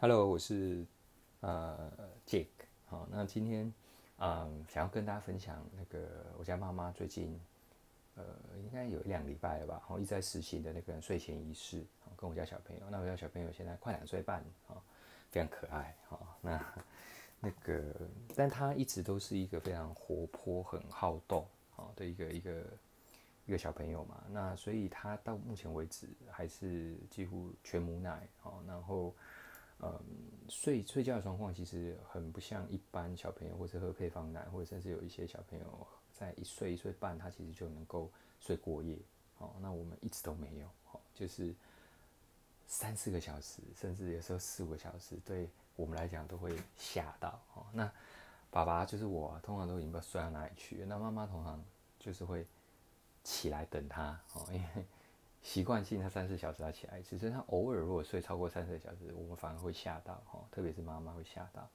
Hello，我是呃 Jack 好、哦，那今天嗯、呃，想要跟大家分享那個我家媽媽最近呃，應該有一兩禮拜了吧，然後一直在實行的那個睡前儀式、哦，跟我家小朋友。那我家小朋友現在快兩歲半、哦、非常可愛哈、哦。那那個，但他一直都是一個非常活潑、很好動啊、哦、的一個一個一個小朋友嘛。那所以他到目前為止還是幾乎全母奶哦，然後。嗯，睡睡覺的狀況其實很不像一般小朋友，或者是喝配方奶，或者甚至有一些小朋友在一歲一歲半，他其實就能夠睡過夜，哦。那我們一直都沒有，哦，就是三四個小時，甚至有時候四五個小時，對我們來講都會嚇到，哦。那爸爸就是我啊，通常都已經不知道睡到哪裡去。那媽媽通常就是會起來等他，哦，因為。習慣性他三四小時他起來只是所他偶爾如果睡超過三四個小時，我們反而會嚇到哈，特別是媽媽會嚇到。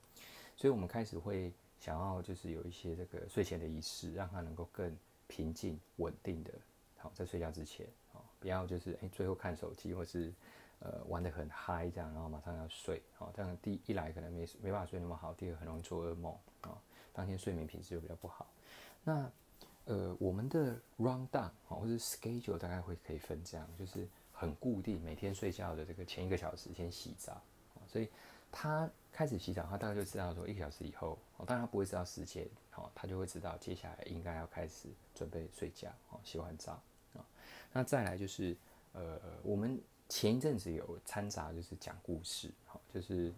所以我們開始會想要就是有一些這個睡前的儀式，讓他能夠更平靜、穩定的，好在睡覺之前，好、哦、不要就是誒、欸，最後看手機或是呃玩得很嗨這樣，然後馬上要睡，好這樣第一來可能沒沒辦法睡那麼好，第二很容易做噩夢啊、哦，當天睡眠品質就比較不好。那呃，我們的 rundown 或是 schedule 大概會可以分這樣，就是很固定，每天睡覺的這個前一個小時先洗澡，所以他開始洗澡，他大概就知道說一個小時以後，當然他不會知道時間，好，他就會知道接下來應該要開始準備睡覺，好，洗完澡，那再來就是呃，我們前一陣子有摻雜就是講故事，就是。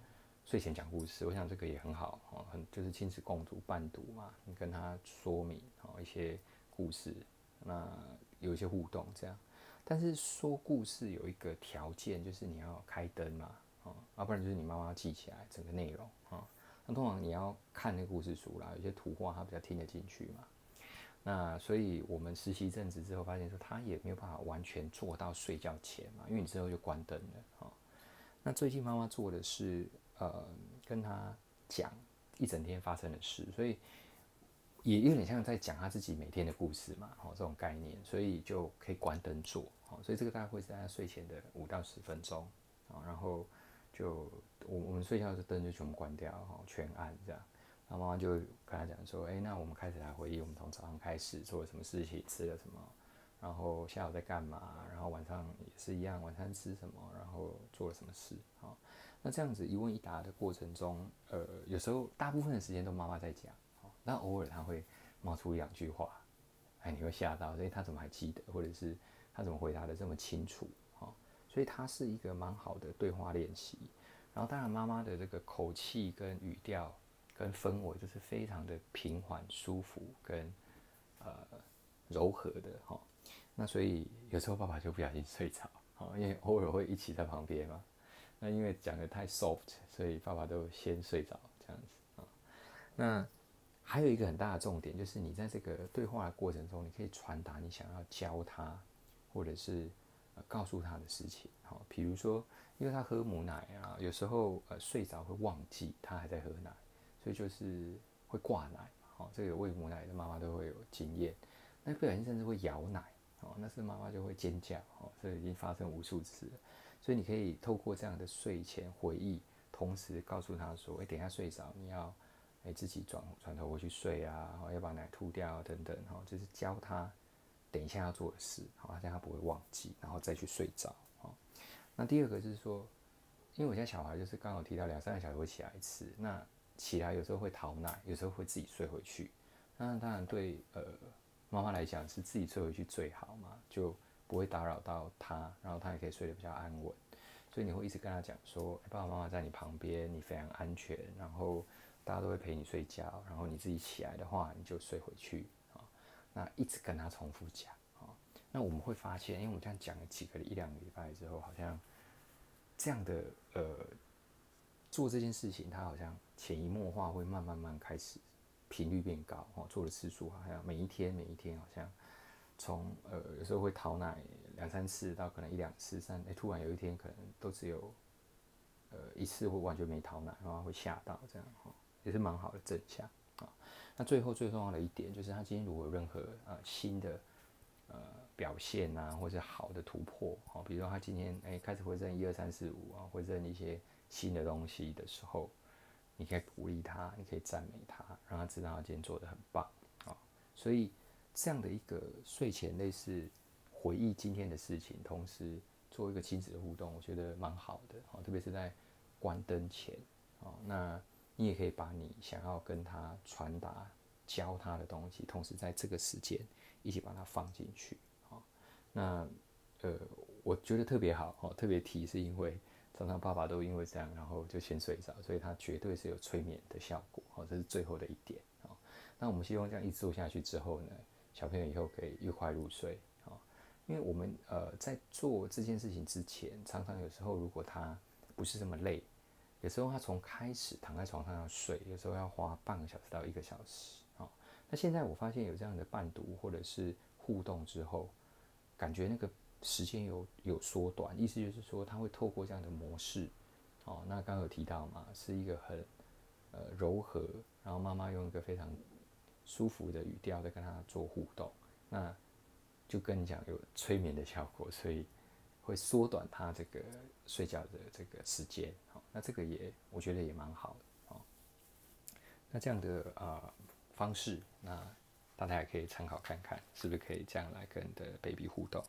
睡前講故事，我想這個也很好哦，很就是親子共讀、伴讀嘛，你跟他說明哦一些故事，那有一些互動這樣。但是說故事有一個條件，就是你要開燈嘛，哦，要、啊、不然就是你媽媽要記起來整個內容啊、哦。那通常你要看那個故事書啦，有些圖畫他比較聽得進去嘛。那所以我們實習一陣子之後發現說，他也沒有辦法完全做到睡覺前嘛，因為你之後就關燈了啊、哦。那最近媽媽做的是。呃，跟他講一整天發生的事，所以也有點像在講他自己每天的故事嘛，吼，這種概念，所以就可以關燈做，吼，所以這個大概會是在他睡前的五到十分鐘，然後就我們我們睡覺的燈就全部關掉，全暗這樣，然後媽媽就跟他講說，哎、欸，那我們開始來回憶，我們從早上開始做了什麼事情，吃了什麼，然後下午在幹嘛，然後晚上也是一樣，晚餐吃什麼，然後做了什麼事，那這樣子一問一答的過程中，呃，有時候大部分的時間都媽媽在講、喔，那偶爾她會冒出兩句話，哎，你會嚇到，所以她怎麼還記得，或者是她怎麼回答得這麼清楚，哈、喔，所以她是一個蠻好的對話練習。然後當然媽媽的這個口氣跟語調跟氛圍就是非常的平緩、舒服跟呃柔和的，哈、喔，那所以有時候爸爸就不小心睡着，哈、喔，因為偶爾會一起在旁邊嘛。那因為講得太 soft，所以爸爸都先睡着這樣子啊、哦。那還有一個很大的重點，就是你在這個對話的過程中，你可以傳達你想要教他或者是、呃、告訴他的事情。好、哦，比如說，因為他喝母奶啊，有時候呃睡着會忘記他還在喝奶，所以就是會掛奶。好、哦，這個餵母奶的媽媽都會有經驗。那不小心甚至會咬奶，哦，那時媽媽就會尖叫。哦，這已經發生無數次了。所以你可以透過這樣的睡前回憶，同時告訴他說：“誒、欸，等一下睡着你要，誒、欸、自己轉轉頭回去睡啊，然、喔、後要把奶吐掉啊，等等，哈、喔，就是教他等一下要做的事，好、喔，讓他不會忘記，然後再去睡着。喔”哈，那第二個是說，因為我家小孩就是剛好提到兩三個小時會起來一次，那起來有時候會討奶，有時候會自己睡回去，那當然對呃媽媽來講是自己睡回去最好嘛，就。不會打擾到他，然後他也可以睡得比較安穩，所以你會一直跟他講說，欸，爸爸媽媽在你旁邊，你非常安全，然後大家都會陪你睡覺，然後你自己起來的話，你就睡回去，哦。那一直跟他重複講啊，哦。那我們會發現，因為我們這樣講了幾個一兩個禮拜之後，好像這樣的呃做這件事情，他好像潛移默化會慢慢慢開始頻率變高哦，做的次數好像每一天每一天好像。從呃有時候會討奶兩三次到可能一兩次三哎、欸、突然有一天可能都只有呃一次或完全沒討奶，然後會嚇到這樣，哦、也是蠻好的正向啊，哦。那最後最重要的一點就是他今天如果有任何呃新的呃表現吶，啊、或者好的突破啊，哦，比如說他今天哎、欸、開始會認一二三四五啊，會認一些新的東西的時候，你可以鼓勵他，你可以讚美他，讓他知道他今天做得很棒啊，哦，所以。這樣的一個睡前，類似回憶今天的事情，同時做一個親子的互動，我覺得蠻好的。特別是在關燈前，那你也可以把你想要跟他傳達、教他的東西，同時在這個時間一起把它放進去。那呃，我覺得特別好，特別提是因為常常爸爸都因為這樣，然後就先睡着，所以他絕對是有催眠的效果。這是最後的一點。那我們希望這樣一直做下去之後呢，小朋友以後可以愉快入睡啊、哦，因為我們呃在做這件事情之前，常常有時候如果他不是這麼累，有時候他從開始躺在床上要睡，有時候要花半個小時到一個小時啊、哦。那現在我發現有這樣的伴讀或者是互動之後，感覺那個時間有有縮短，意思就是說他會透過這樣的模式，哦，那剛剛有提到嘛，是一個很呃柔和，然後媽媽用一個非常。舒服的語調在跟他做互動，那就跟你講有催眠的效果，所以會縮短他這個睡覺的這個時間。那這個也我覺得也蠻好的。那這樣的啊、呃、方式，那大家也可以參考看看，是不是可以這樣來跟你的 baby 互動。